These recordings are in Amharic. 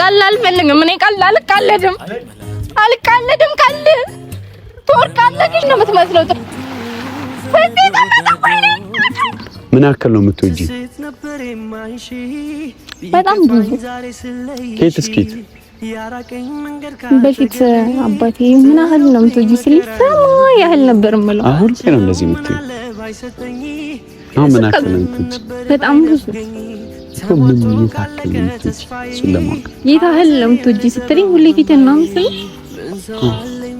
ቀልድ አልፈልግም። እኔ ቀልድ አልቃለድም አልቃለድም። ቀልድ ትወርቃለች ነው የምትመስለው። ምን ያክል ነው የምትወጂ? በጣም ብዙ። ኬት እስኪት በፊት አባቴ ምን ያህል ነው የምትወጂ ሲል ሰማ ያህል ነበር የምለው። አሁን ነው እንደዚህ የምትይው? አሁን ምን ያክል ነው የምትወጂ? በጣም ብዙ ሁሉም እየታከለ ስለማውቅ የታህል ለምትወጂ ስትለኝ ሁሌ ፊትን ነው ምስል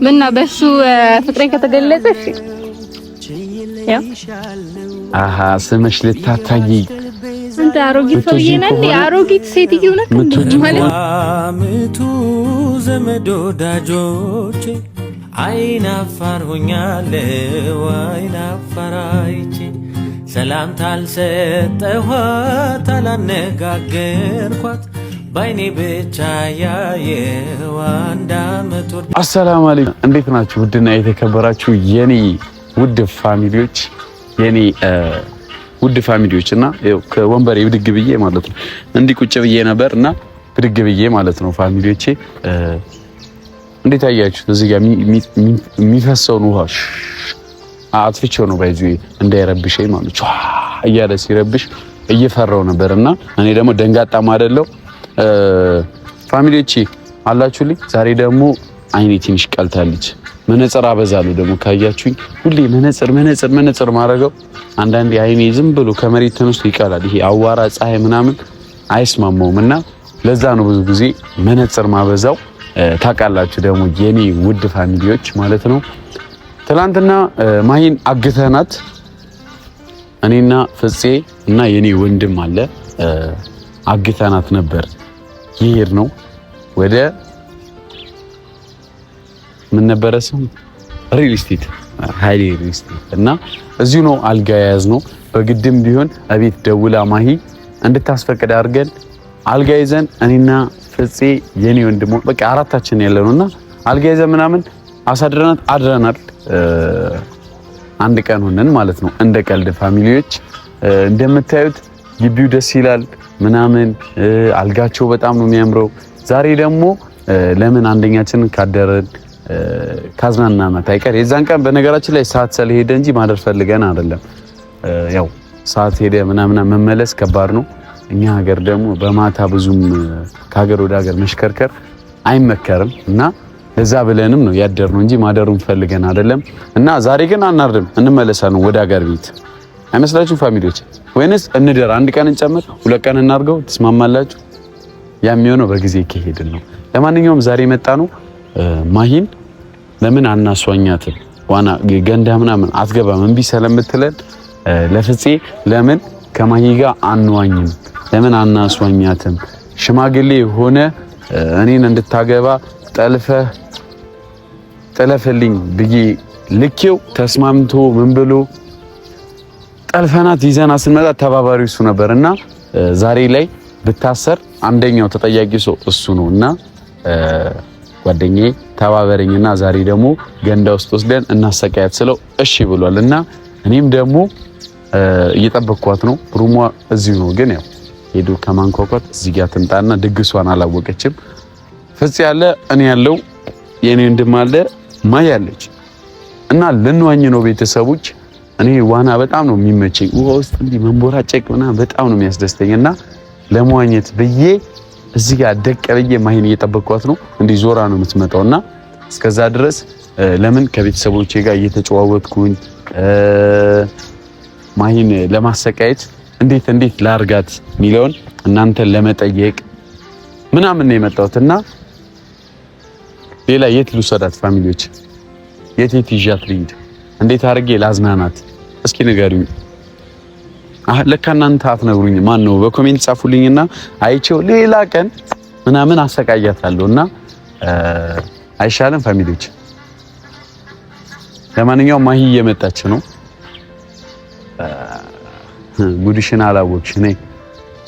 ምና በሱ ፍቅሬ ከተገለጸ አሀ ስምሽ ልታታይ አንተ አሮጊት ሰውዬ ነህ። አሮጊት ሴትዮ ነህ ምቱ ዘመድ ወዳጆቼ አይናፋር ሆኛለሁ አይናፋር አይቼ ሰላምታ አልሰጠኋት፣ አላነጋገርኳት ባይኔ ብቻ ያየው አንድ አመት ወር። አሰላሙ አለይኩም እንዴት ናችሁ? ውድና የተከበራችሁ የኔ ውድ ፋሚሊዎች የኔ ውድ ፋሚሊዎች እና ከወንበሬ ብድግ ብዬ ማለት ነው እንዲህ ቁጭ ብዬ ነበር እና ብድግ ብዬ ማለት ነው ፋሚሊዎቼ እንዴት አያችሁት? እዚህ ጋር የሚፈሰውን ውሃ አጥፍቼው ነው ባይዙ እንዳይረብሸኝ ማለት ቻ እያለ ሲረብሽ እየፈራው ነበር። እና እኔ ደግሞ ደንጋጣም አይደለው። ፋሚሊዎቼ አላችሁልኝ። ዛሬ ደግሞ አይኔ ትንሽ ቀልታለች። መነጽር አበዛለሁ ደግሞ ካያችሁኝ፣ ሁሌ መነጽር መነጽር መነጽር ማድረገው አንዳንዴ አይኔ ዝም ብሎ ከመሬት ተነስቶ ይቀላል። ይሄ አዋራ ፀሐይ ምናምን አይስማማውም እና ለዛ ነው ብዙ ጊዜ መነጽር ማበዛው። ታውቃላችሁ ደግሞ የኔ ውድ ፋሚሊዎች ማለት ነው። ትላንትና ማሂን አግተናት እኔና ፍፄ እና የኔ ወንድም አለ አግተናት ነበር ይሄድ ነው ወደ ምን ነበረ ስም ሪል ስቴት ሀይሌ ሪል ስቴት እና እዚሁ ነው አልጋ የያዝ ነው። በግድም ቢሆን እቤት ደውላ ማሂ እንድታስፈቅድ አድርገን አልጋ ይዘን እኔና ፍፄ የኔ ወንድሞ በቃ አራታችን ያለ ነው እና አልጋ ይዘን ምናምን አሳድረናት አድረናል። አንድ ቀን ሆነን ማለት ነው። እንደ ቀልድ ፋሚሊዎች እንደምታዩት ግቢው ደስ ይላል ምናምን፣ አልጋቸው በጣም ነው የሚያምረው። ዛሬ ደግሞ ለምን አንደኛችንን ካደረን ካዝናናናት አይቀር የዛን ቀን በነገራችን ላይ ሰዓት ስለሄደ እንጂ ማደር ፈልገን አይደለም። ያው ሰዓት ሄደ ምናምና መመለስ ከባድ ነው። እኛ ሀገር ደግሞ በማታ ብዙም ከሀገር ወደ ሀገር መሽከርከር አይመከርም እና እዛ ብለንም ነው ያደር ነው እንጂ ማደሩን ፈልገን አይደለም። እና ዛሬ ግን አናርድም፣ እንመለሳለን ወደ ሀገር ቤት። አይመስላችሁ ፋሚሊዎች? ወይንስ እንደር አንድ ቀን እንጨምር፣ ሁለት ቀን እናርገው? ትስማማላችሁ? ያ የሚሆነው በጊዜ ከሄድን ነው። ለማንኛውም ዛሬ መጣ ነው ማሂን ለምን አናሷኛትም? ዋና ገንዳ ምናምን አትገባም እምቢ ስለምትለን ለፍፄ ለምን ከማሂ ጋር አንዋኝም? ለምን አናሷኛትም? ሽማግሌ ሆነ እኔን እንድታገባ ጠልፈ ጥለፍልኝ ብዬ ልኬው ተስማምቶ ምን ብሎ ጠልፈናት ይዘና ስንመጣ ተባባሪው እሱ ነበር እና ዛሬ ላይ ብታሰር አንደኛው ተጠያቂ ሰው እሱ ነው እና ጓደኛዬ ተባበረኝና ዛሬ ደግሞ ገንዳ ውስጥ ወስደን እናሰቃያት ስለው እሺ ብሏል። እና እኔም ደግሞ እየጠበቅኳት ነው። ሩሟ እዚሁ ነው፣ ግን ያው ሄዱ ከማንኳኳት እዚህ ጋር ትምጣና ድግሷን አላወቀችም። ፍጽ ያለ እኔ ያለው የኔ ወንድም አለ ማይ ያለች እና ልንዋኝ ነው ቤተሰቦች። እኔ ዋና በጣም ነው የሚመቸኝ። ውሃ ውስጥ እንዲህ መንቦራጨቅ ምናምን በጣም ነው የሚያስደስተኝ እና ለመዋኘት ብዬ እዚህ ጋር ደቀ ብዬ ማይን እየጠበቅኳት ነው። እንዲህ ዞራ ነው የምትመጣው እና እስከዛ ድረስ ለምን ከቤተሰቦቼ ጋር እየተጨዋወትኩኝ ማይን ለማሰቃየት እንዴት እንዴት ላርጋት የሚለውን እናንተን ለመጠየቅ ምናምን ነው የመጣሁት እና ሌላ የት ልውሰዳት? ፋሚሊዎች የት የት ይዣት ልሂድ? እንዴት አድርጌ ላዝናናት? እስኪ ንገሩኝ። ለካ እናንተ አትነግሩኝ። ማን ነው በኮሜንት ጻፉልኝና አይቼው ሌላ ቀን ምናምን አሰቃያታለሁ እና አይሻልም ፋሚሊዎች? ለማንኛውም ማሂ እየመጣች ነው። ጉድሽን አላወቅሽ። እኔ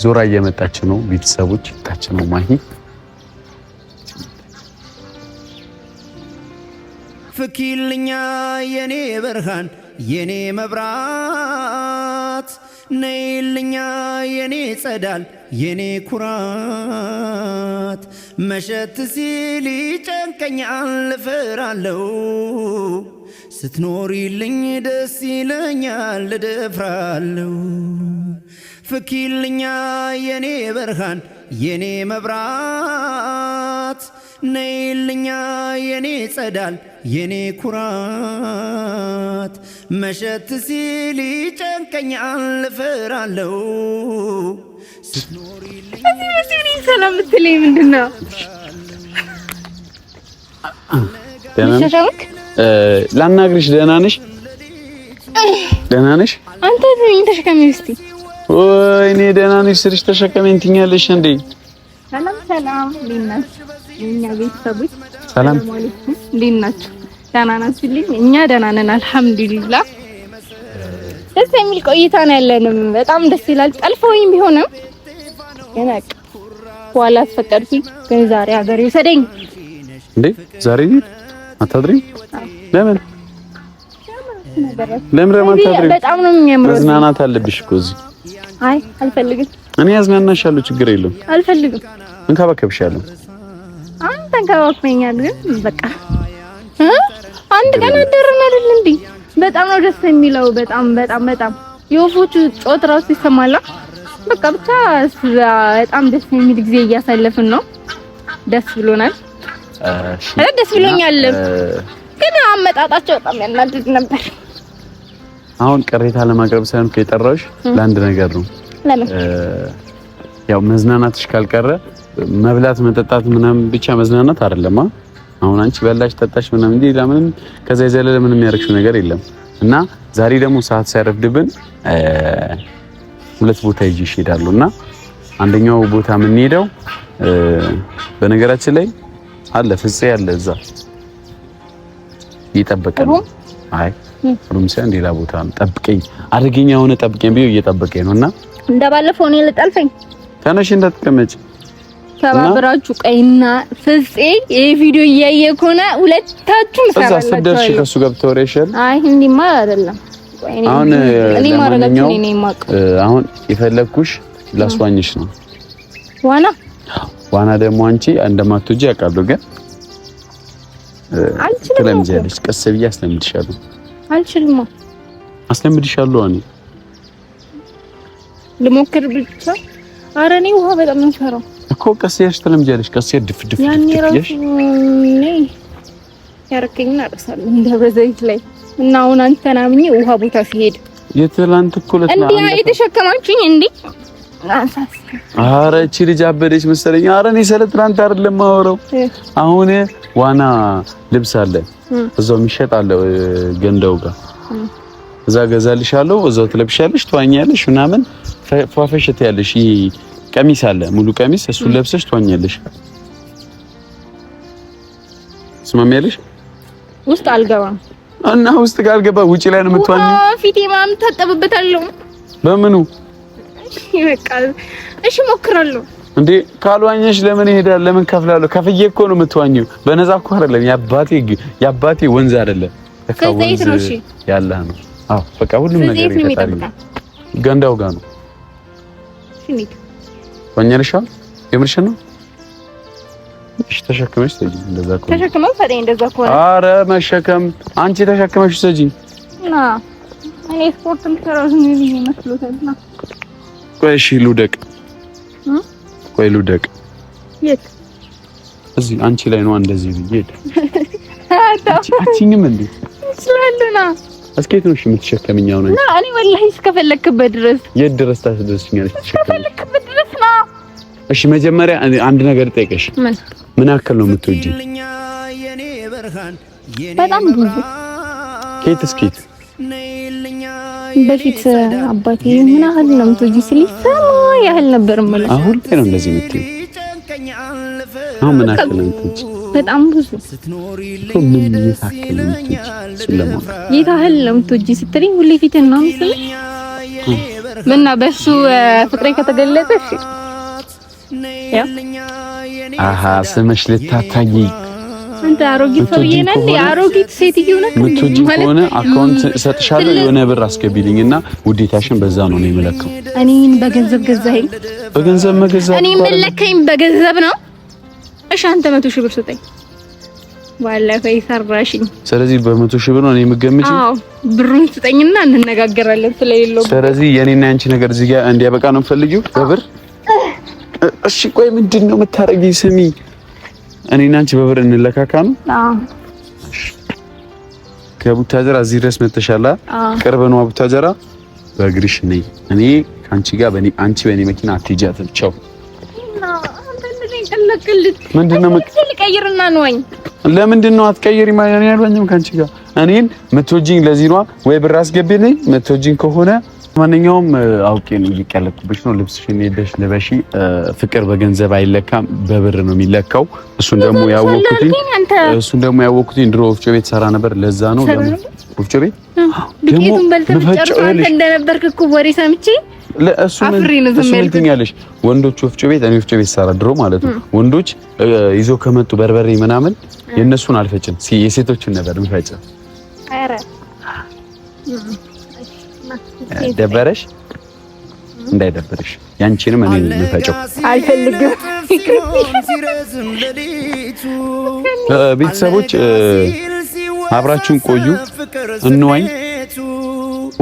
ዞራ እየመጣች ነው። ቤተሰቦች ታች ነው ማሂ ፍኪልኛ የኔ ብርሃን የኔ መብራት ነይልኛ የኔ ጸዳል የኔ ኩራት መሸት ሲል ይጨንቀኛል ልፍራለው ስትኖሪልኝ ደስ ይለኛል ልደፍራለው ፍኪልኛ የኔ ብርሃን የኔ መብራት ነይልኛ የኔ ጸዳል የኔ ኩራት መሸት ሲል ይጨንቀኛል እፈራለሁ። እዚህ መስሎኝ ሰላም የምትለኝ ምንድን ነው? ላናግርሽ። ደህና ነሽ? ደህና ነሽ? አንተ ትንኝ ተሸከመኝ እስቲ። ወይኔ ደህና ነሽ ስልሽ ተሸከመኝ እንትኛለሽ እንዴ? ሰላም ሰላም፣ እንዴት ነሽ? የእኛ ቤተሰቦች ሰላም አለይኩም፣ እንዴት ናችሁ? ደህና ናችሁልኝ? እኛ ደህና ነን አልሐምዱሊላህ። ደስ የሚል ቆይታ ነው ያለንም፣ በጣም ደስ ይላል። ወይም ቢሆንም ገና በኋላ አስፈቀድኩ፣ ግን ዛሬ ሀገር ይውሰደኝ እንዴ? ዛሬ ይሄ አታድሪ? ለምን ለምን ለምን ለማታድሪ? በጣም ነው የሚያምረው። መዝናናት አለብሽ እኮ እዚህ። አይ አልፈልግም። እኔ ያዝናናሻለሁ፣ ችግር የለውም። አልፈልግም፣ እንከባከብሻለሁ ተንከባክበኛል። ግን በቃ አንድ ቀን አደረን አይደል እንዴ? በጣም ነው ደስ የሚለው። በጣም በጣም በጣም የወፎቹ ጮት ራሱ ይሰማላ። በቃ ብቻ በጣም ደስ የሚል ጊዜ እያሳለፍን ነው። ደስ ብሎናል። እሺ ደስ ብሎኛል። ግን አመጣጣቸው በጣም ያናድድ ነበር። አሁን ቅሬታ ለማቅረብ ሳይሆን ከየጠራሁሽ ለአንድ ነገር ነው። ለምን ያው መዝናናትሽ ካልቀረ መብላት መጠጣት ምናምን ብቻ መዝናናት አይደለም። አሁን አንቺ በላሽ ጠጣሽ ምናምን እንጂ ለምን ከዛ የዘለለ ምንም ያደርግሽው ነገር የለም እና ዛሬ ደግሞ ሰዓት ሳይረፍድብን ሁለት ቦታ ይዤሽ እሄዳለሁ እና አንደኛው ቦታ የምንሄደው በነገራችን ላይ አለ ፍፄ ያለ እዛ እየጠበቀ ነው። አይ ሁሉም ሳይሆን ሌላ ቦታ ጠብቀኝ አድርገኝ የሆነ ጠብቀኝ ብዬ እየጠበቀኝ ነው እና እንደባለፈው እኔ ልጠልፈኝ ተነሽ እንዳትቀመጭ ተባብራችሁ ቀይና ፍጼ ይሄ ቪዲዮ እያየ ከሆነ ሁለታችሁም ሰራ ስትደርሺ ከሱ ገብተው ሬሽል አይ እንዲማ አይደለም። አሁን እኔ አሁን የፈለግኩሽ ላስዋኝሽ ነው። ዋና ዋና ደግሞ አንቺ እንደማትወጂ ያውቃሉ፣ ግን ትለምጃለሽ። ቀስ ብዬ አስለምድሻለሁ። አልችልም። አስለምድሻለሁ። አኒ ልሞክር ብቻ። ኧረ እኔ ውሃ በጣም ነው የምፈራው እኮ ቀስ ያሽ ትለምጃለሽ። ቀስ ያ ድፍ ድፍ ያኔ ራሱ ያረከኝና እረሳለሁ። ደብረ ዘይት ላይ እና አሁን አንተን አምኜ ውሃ ቦታ ሲሄድ የትላንት እኮ ለትላንት እንዴ የተሸከማችኝ እንዴ አረ እቺ ልጅ አበደች አረ እኔ ስለ ትናንት አይደለም አሁን ዋና ልብስ አለ እዛው ጋር እዛ ገዛልሻለሁ። እዛው ትለብሻለሽ፣ ትዋኛለሽ ቀሚስ አለ፣ ሙሉ ቀሚስ። እሱን ለብሰሽ ትዋኛለሽ። ስማሚያለሽ? ውስጥ አልገባም እና ውስጥ ጋር አልገባ። ውጪ ላይ ነው የምትዋኘው። ፊቴ ምናምን ታጠብበታለሁ። በምኑ? ይበቃል። እሺ ሞክራለሁ። እንዴ ካልዋኘሽ ለምን ይሄዳል? ለምን ከፍላለሁ? ከፍዬ እኮ ነው የምትዋኘው። በነዛ እኮ አይደለም። ያባቴ ያባቴ ወንዝ አይደለም። ከዘይት ነው። እሺ ያለህ ነው። አዎ በቃ ሁሉም ነገር ይፈታል። ገንዳው ጋር ነው። ባኛልሻል የምርሽን ነው? እሺ ተሸክመሽ ስጪኝ። እንደዛ ከሆነ ተሸክመሽ ስጪኝ። እንደዛ ከሆነ አረ መሸከም አንቺ ተሸክመሽ ስጪኝ። ና እኔ ስፖርት የምሰራው ምን ብዬ መስሎታል? ና ቆይ እሺ ልውደቅ። ቆይ ልውደቅ። የት? እዚህ አንቺ ላይ ነው እንደዚህ ብዬ አትይኝም እንዴ? ስላልና እስከ የት ነው እሺ የምትሸከምኝ? አሁን እኔ ወላሂ እስከፈለክበት ድረስ የት ድረስ እስከፈለክበት እሺ መጀመሪያ አንድ ነገር ጠይቀሽ፣ ምን ያክል ነው የምትወጂ? በጣም ብዙ። ኬት እስኬት በፊት አባቴ ምን ያህል ነው የምትወጂ ሲል ሰማ ያህል ነበር ማለት አሁን ላይ ነው እንደዚህ የምትይው? አሁን ምን ያክል ነው የምትወጂ? በጣም ብዙ እኮ ምን የታከለ ነው የምትወጂ ስትለኝ ሁሌ ፊትን ነው የምትለኝ እና በሱ ፍቅሬ ከተገለጠ እሺ አሀ ስምሽ ልታታጊ አንተ አሮጊት ሰውዬ ነህ አሮጊት ሴትዮ ነህ? ምትወጂ ከሆነ አካውንት እሰጥሻለሁ፣ የሆነ ብር አስገቢልኝና እና ውዴታሽን በዛ ነው ነው የምለካው። እኔን በገንዘብ ገዛኸኝ። በገንዘብ መገዛ እኔ የምለካኝ በገንዘብ ነው። እሺ አንተ መቶ ሺህ ብር ስጠኝ። ባለፈው የሰራሽኝ። ስለዚህ በመቶ ሺህ ብር ነው የምገምጪ? አዎ ብሩን ስጠኝና እንነጋገራለን ስለሌለው። ስለዚህ የኔና ያንቺ ነገር እዚህ ጋር እንዲያበቃ ነው የምፈልጊው በብር እሺ ቆይ ምንድን ነው የምታደርጊኝ? ስሚ እኔና አንቺ በብር እንለካካ ነው። ከቡታጀራ እዚህ ድረስ መተሻላ ቅርብ ነው ቡታጀራ። በእግርሽ ነይ። እኔ ከአንቺ ጋር በእኔ አንቺ በእኔ መኪና አትሄጃትም። ቻው። ምንድን ነው ልቀይርና ነኝ። ለምንድን ነው አትቀይሪም? እኔ አልሆኝም ከአንቺ ጋር እኔን ለዚህ ወይ ብር አስገቢልኝ ከሆነ ማንኛውም አውቄ ነው እየቀለድኩብሽ ነው። ልብስሽን ሄደሽ ልበሺ። ፍቅር በገንዘብ አይለካም፣ በብር ነው የሚለካው። እሱን ደግሞ ያወኩትኝ እሱን ደግሞ ያወኩትኝ ድሮ ወፍጮ ቤት ሰራ ነበር። ለዛ ነው ወፍጮ ቤት ዱቄቱን በልተህ ብትጨርስ አንተ እንደነበርክ እኮ ወሬ ሰምቼ ያለሽ ወንዶች ወፍጮ ቤት እኔ ወፍጮ ቤት ሰራ ድሮ ማለት ነው። ወንዶች ይዞ ከመጡ በርበሬ ምናምን የእነሱን አልፈጭም፣ የሴቶችን ነበር ምፈጭም ደበረሽ? እንዳይደብርሽ ያንቺንም እኔ ልፈጨው አልፈልግም። ቤተሰቦች አብራችሁን ቆዩ፣ እንዋኝ።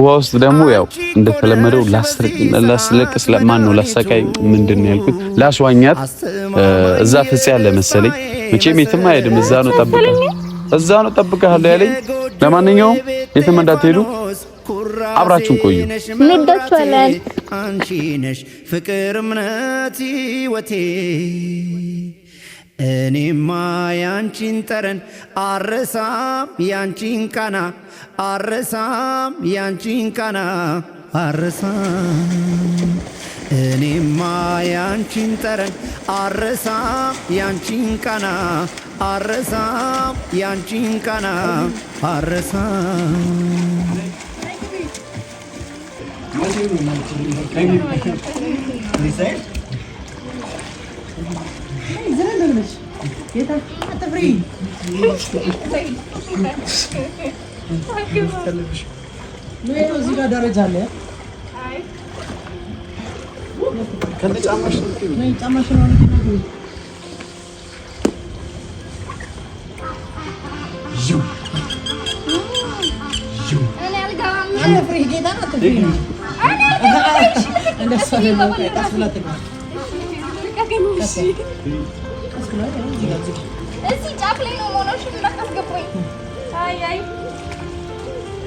ውሃ ውስጥ ደግሞ ያው እንደተለመደው ላስለቅስ ለማን ነው ላሳቃይ ምንድን ነው ያልኩት? ላስዋኛት እዛ ፍፄ ያለ መሰለኝ። መቼም የትም አይሄድም። እዛ ነው ጠብቀህ እዛ ነው ጠብቀህ ያለኝ። ለማንኛውም የትም እንዳትሄዱ አብራችሁን ቆዩ። እንወዳችኋለን። አንቺ ነሽ ፍቅር፣ እምነት፣ ህይወቴ እኔማ ያንቺን ጠረን አረሳም ያንቺን ቃና አረሳም ያንቺን ቃና አረሳም እኔማ ያንቺን ጠረን አረሳም ያንቺን ቃና አረሳም ያንቺን ቃና አረሳም Thank you. Thank you. Thank you. This side? Hey, Zeran Dunovich. Get up. Get the free. Thank you. Thank you. Thank you. Thank you. Thank you. Thank you. ጫማሽ ነው? ጫማሽ ነው። እዚህ ጫፍ ላይ ነው መሆናችን እንዳታስገባኝ። አይ አይ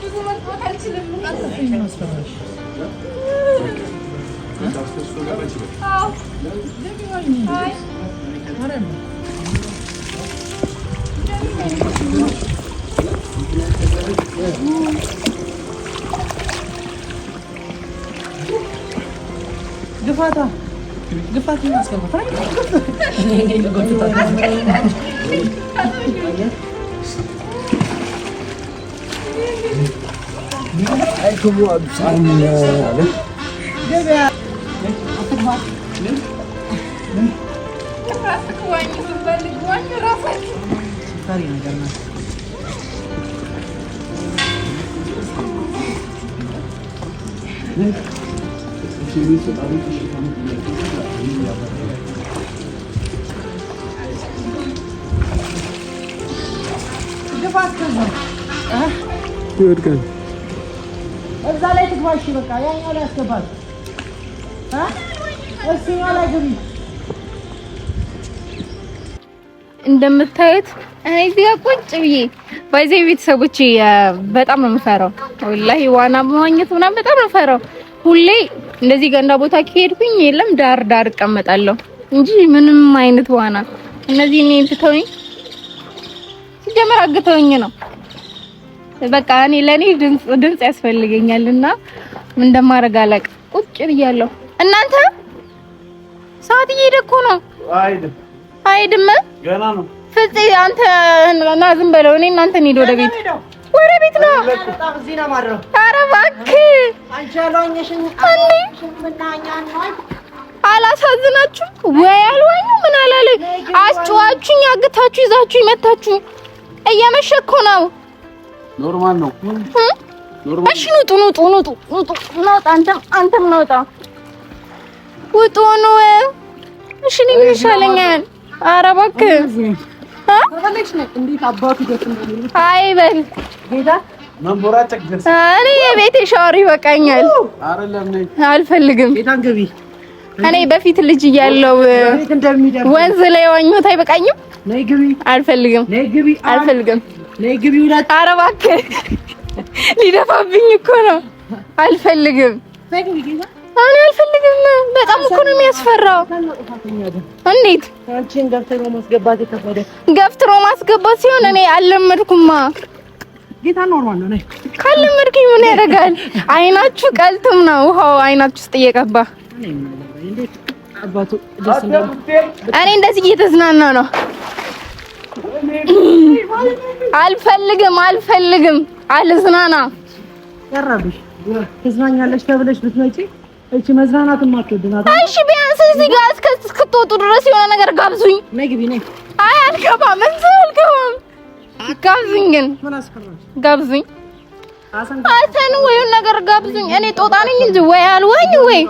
ብዙ መጥፋት አልችልም። fatta? Che fa la maschera? Fai la maschera! Che fa la maschera? Ecco qua, bisogna andare. Bebe! Thank you. ይወድቃል። እዛ ላይ ትግባሽ በቃ ያኛው ላይ ያስገባል። እሱኛው ላይ ግቢ። እንደምታዩት እኔ እዚህ ጋር ቁጭ ብዬ ባይዜ ቤተሰቦች በጣም ነው የምፈራው። ወላሂ ዋና መዋኘት ምናምን በጣም ነው የምፈራው ሁሌ እንደዚህ ገንዳ ቦታ ከሄድኩኝ የለም ዳር ዳር እቀመጣለሁ እንጂ ምንም አይነት ዋና እነዚህ እኔ ትተውኝ ሲጀመር አግተውኝ ነው። በቃ እኔ ለኔ ድምፅ ድምጽ ያስፈልገኛልና ምን እንደማደርግ አላውቅም። ቁጭ ብያለሁ። እናንተ ሰዓት እየሄደ እኮ ነው። አይድም አይድም፣ ገና ነው። ፍፄ አንተ ና ዝም በለው። እኔ እናንተ እንሂድ ወደ ቤት ወደ ቤት ነው። ኧረ እባክህ አላሳዝናችሁም ወይ? አልዋኙ ምን አላለ አስጨዋችሁኝ፣ አግታችሁ ይዛችሁ ይመታችሁኝ። እየመሸ እኮ ነው። ኖርማል ነው። እሺ ንውጡ፣ ንውጡ፣ ንውጡ፣ ንውጡ። ናውጣ፣ አንተም አንተም ናውጣ፣ ውጡ ነው። እሺ እኔ ይሻለኛል? ኧረ እባክህ አይ በል እኔ የቤቴ ሻወር ይበቃኛል፣ አልፈልግም። እኔ በፊት ልጅ እያለሁ ወንዝ ላይ ዋኘሁት፣ አይበቃኝም፣ አልፈልግም፣ አልፈልግም። ኧረ እባክህ ሊደፋብኝ እኮ ነው፣ አልፈልግም እኔ አልፈልግም። በጣም እኮ ነው የሚያስፈራው። እንዴት አንቺን ገፍትሮ ማስገባት የከበደ ገፍትሮ ማስገባት ሲሆን እኔ አልለመድኩማ። ጌታ ኖርማል ነው። ካለመድኩኝ ምን ያደርጋል? አይናችሁ ቀልጥም ነው ውሃው አይናችሁ ውስጥ እየቀባ እኔ እንደዚህ እየተዝናና ነው። አልፈልግም፣ አልፈልግም፣ አልዝናና። ተዝናኛለሽ ተብለሽ ብትመጪ እቺ መዝናናት የማትወድ ናት። እሺ ቢያንስ እዚህ ጋር እስከ እስክትወጡ ድረስ የሆነ ነገር ጋብዙኝ። ነግቢ ነይ። አይ አልገባም፣ እንትን አልገባም። ጋብዙኝ፣ ግን ጋብዙኝ፣ አሰን ወይ ነገር ጋብዙኝ። እኔ ጦጣ ነኝ እንጂ ወይ አልወኝ ወይ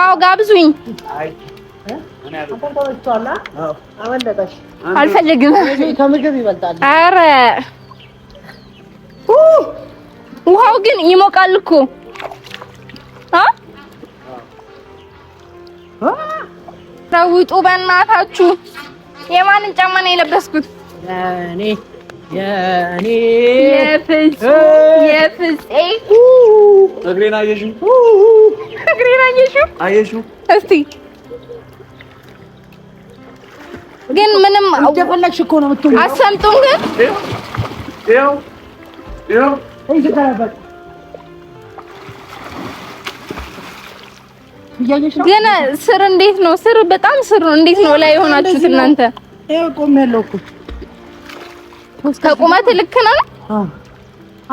አዎ ጋብዙኝ። አልፈልግም። ከምግብ ይበልጣል። ኧረ ውሃው ግን ይሞቃል እኮ ተውጡ በእናታችሁ። የማንን ጫማ ነው የለበስኩት? እኔ ግን ምንም እንደፈለግሽ እኮ ነው የምትሆነው። አሰምጡን ግን ይኸው ይኸው ግን ስር እንዴት ነው? ስር በጣም ስር ነው። እንዴት ነው ላይ የሆናችሁት እናንተ? ይሄ ቆም ከቁመት ልክ ነው።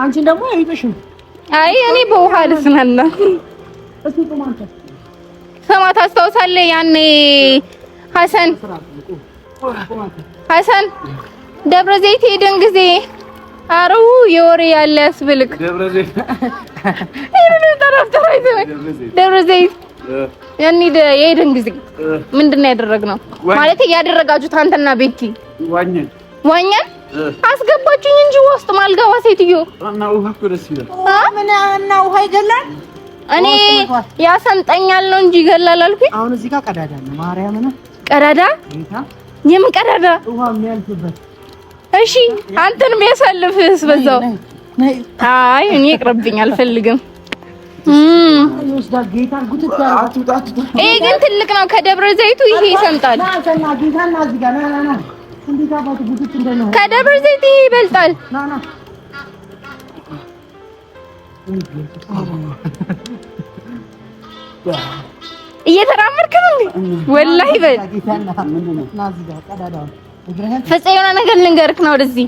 አንቺ ደግሞ አይ እኔ በውሃ ልስናና ስማ፣ ታስታውሳለህ? ያኔ ሀሰን ሀሰን ደብረ ዘይት ሄደን ጊዜ አረው የወሬ ያለ ያስብልክ ደብረ ዘይት የሄድን ጊዜ ምንድን ነው ያደረግነው? ማለት ያደረጋችሁት አንተና ቤኪ ዋኘን ዋኘን አስገባችሁኝ እንጂ ውስጥ ማልገባ ሴትዮ እና ውሃ እኮ ደስ ይላል። ምን እና ውሃ ይገላል። እኔ ያሰምጠኛል ነው እንጂ ይገላል አልኩኝ። አሁን እዚህ ጋር ቀዳዳ ነው። ማርያም ነው ቀዳዳ። የምን ቀዳዳ? ውሃ የሚያልፍበት። እሺ አንተን የሚያሳልፍስ በዛው። አይ እኔ ይቅርብኝ፣ አልፈልግም ይሄ ግን ትልቅ ነው። ከደብረ ዘይቱ ይሄ ይሰምጣል። ከደብረ ዘይት ይሄ ይበልጣል። እየተራመድክ ነው። ወላሂ በል ፍፄ የሆነ ነገር ልንገርክ ነው ወደዚህ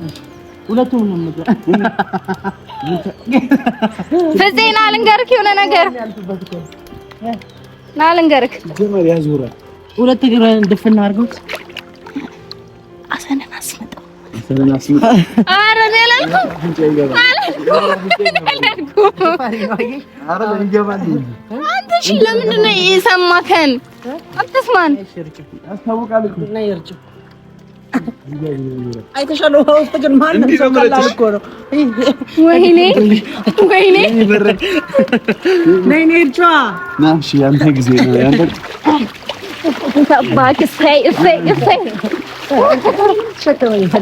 ፍፄ ና ልንገርክ፣ የሆነ ነገር ና ልንገርክ። ሁለት እግርህን ድፍና አድርገው አሰንን አስመጣው። አረ እኔ አላልኩም አንተ ለምንድን ነው የሰማከን? አትስማን አይተሻል። ውሃ ውስጥ ግን ማንም ሰው ቀላል እኮ ነው። ወይኔ ወይኔ፣ ነይ ነይ፣ እጇ ያንተ ጊዜ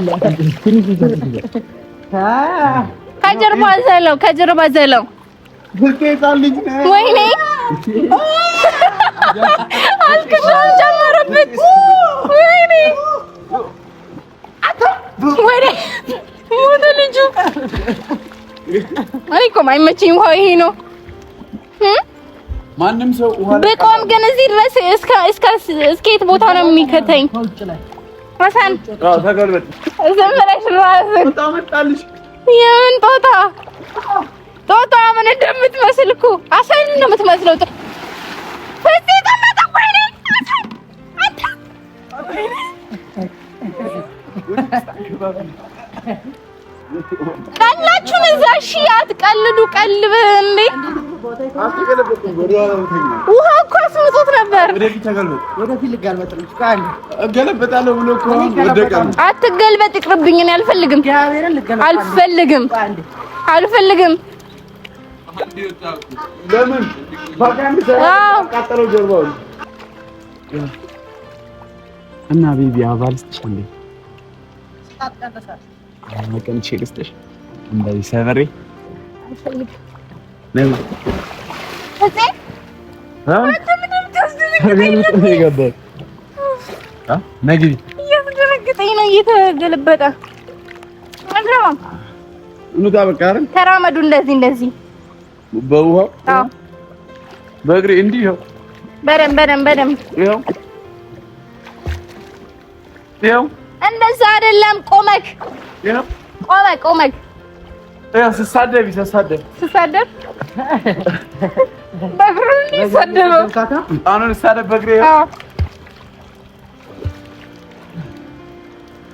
ነው። ከጀርባ ዘለው፣ ከጀርባ ዘለው። ወይኔ አልክዳውን ጨመረብኝ። ወይኔ ሞተ ልጁ። እኔ እኮ ማይመችኝ ውሃ ይሄ ነው። ማንም ሰው ውሃ በቆም ግን እዚህ ድረስ እስኬት ቦታ ነው የሚከተኝ። ሀሰን ዝም ብለሽ እራስን የምን ጦጣ ጦጣ ምን እንደምትመስል እኮ አሰን ነው የምትመስለው። ወይኔ ቀላችሁን እዛ እሺ፣ አትቀልዱ። ቀልብ እንዴ ውሃ እኮ ነበር። እገለበጣለሁ ብሎ እኮ አትገልበጥ፣ ይቅርብኝ። እኔ አልፈልግም፣ አልፈልግም፣ አልፈልግም። እና ቤቢ አባል እንዴ መቀንቼ ልስጥሽ። እንደዚህ ነግቢ እያስደነግጠኝ ነው። እየተገለበጠ ኑጣ በቃ አይደል? ተራመዱ እንደዚህ እንደዚህ በውሃው በእግሬ እንዲህ ይኸው ይኸው ይኸው እንደዛ አይደለም። ቆመክ ቆመክ ቆመክ ስሳደብ ስሳደብ በእግሩ አሁን በእግሬ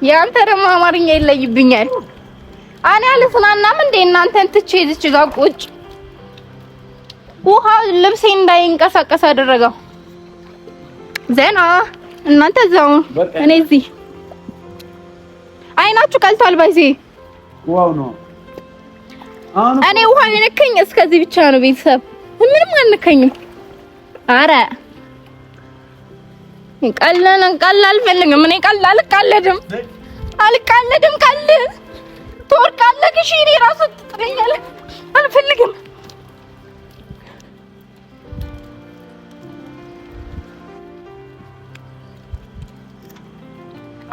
ያንተ ደግሞ አማርኛ ይለይብኛል። እኔ አልጽናናም እንዴ እናንተን ትቼ እዚች ጋር ቁጭ ውሃ ልብሴ እንዳይንቀሳቀስ አደረገው። ዘና እናንተ እዛው እኔ እዚህ አይናችሁ ቀልቷል። ባይዜ ዋው ነው። እኔ ውሃ የነካኝ እስከዚህ ብቻ ነው። ቤተሰብ ምንም አንነካኝም። አረ ቀለለን ቀል አልፈልግም። እኔ ቀል አልቃለድም፣ አልቃለድም። ቀል ትወርቃለህ። እሺ እኔ ራሱ ትጥለኛለህ። አልፈልግም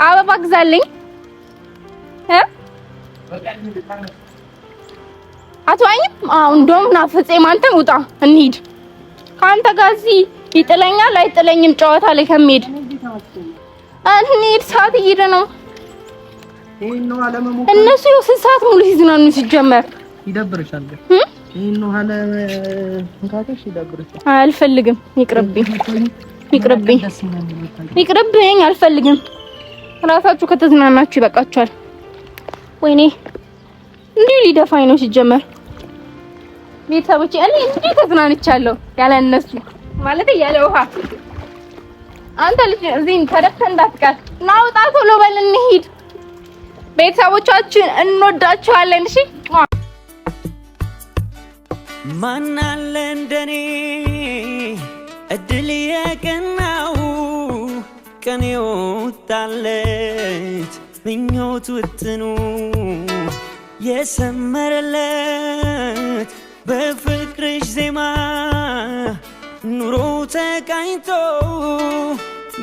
አበባ ግዛልኝ። አትወኝም? አዎ፣ እንደውም ናፍቄም አንተም ውጣ እንሂድ። ከአንተ ጋር እዚህ ይጥለኛል አይጥለኝም ጨዋታ ላይ ከምሄድ እንሂድ። ሰዓት እየሄደ ነው። እነሱ ስንት ሰዓት ሙሉ ሲዝናኑ ሲጀመር ይደብርሻል። አልፈልግም፣ ይቅርብኝ፣ ይቅርብኝ፣ ይቅርብኝ፣ አልፈልግም። ራሳችሁ ከተዝናናችሁ ይበቃችኋል። ወይኔ እንዲሁ ሊደፋኝ ነው ሲጀመር። ቤተሰቦች እኔ እንዲሁ ተዝናንቻለሁ ያለ እነሱ ማለት ያለ ውሃ። አንተ ልጅ እዚህን ተደፍተህ እንዳትቀር ናውጣ፣ ቶሎ በል እንሂድ። ቤተሰቦቻችን እንወዳችኋለን። እሺ ማን አለ እንደኔ እድል የቀናው ቀን የወጣለት ምኞት ውጥኑ የሰመረለት በፍቅርሽ ዜማ ኑሮ ተቃኝቶ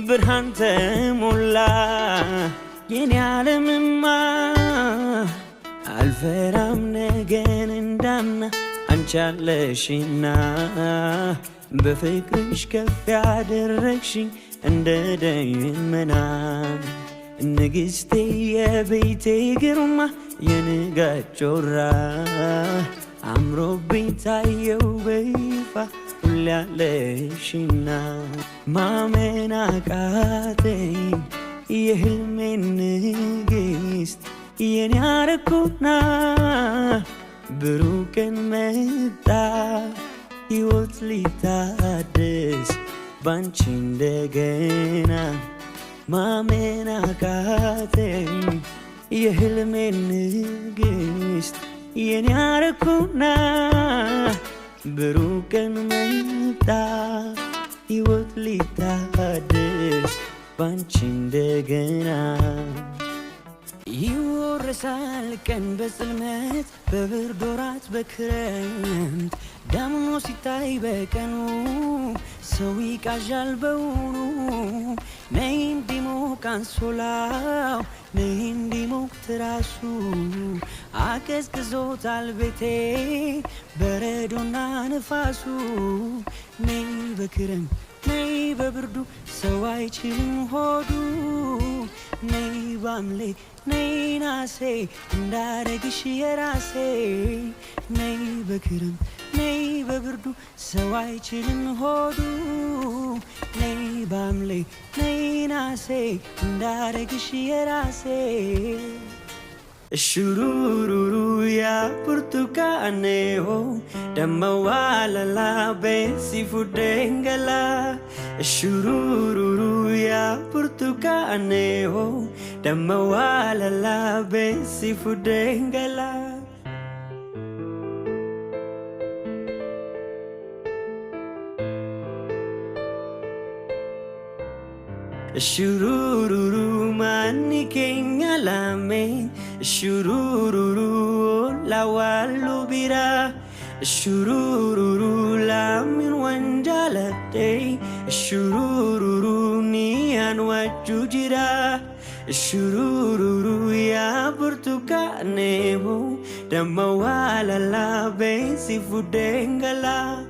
ብርሃን ተሞላ የኔ ዓለምማ አልፈራም ነገን እንዳምና አንቻለሽና በፍቅርሽ ከፍ ያደረግሽኝ እንደ ደመና ንግሥቴ የቤቴ ግርማ የንጋጮራ አምሮብኝ ታየው በይፋ ሁሌ አለሽና ማመን አቃተኝ የሕልሜን ንግሥት የኔ አረኩና ብሩህ መጣ ሕይወት ሊታደስ ባንቺ እንደገና ማመን አቃተኝ የህልሜን ንግስት የኔ አረኩና ብሩህ ቀን መጣ ሕይወት ሊታደስ ባንቺ እንደገና ይወርሳል ቀን በጽልመት በብርድ ወራት በክረምት ዳምኖ ሲታይ በቀኑ ሰው ይቃዣል በውኑ ነይ አንሶላው እንዲሞቅት ራሱ አቀዝቅዞታል ቤቴ በረዶና ነፋሱ። ነይ በክረም ነይ በብርዱ ሰው አይችልም ሆዱ ነይ ባምሌ ነይ ናሴ እንዳረግሽ የራሴ ነይ በክረም ነይ በብርዱ ሰው አይችልም ሆዱ ነይ ባምሌ ነይ ናሴ እንዳረግሽ የራሴ shurururuya purtukaneho damawalala be sifudengala shurururuya purtukaneho damawalala be sifudengala shurururu mani kengalame Shurururu lawal bira Shurururu lamin wanjalate Shurururu nian wajujira Shurururu ya burtukane ho Damawala la besi fudengala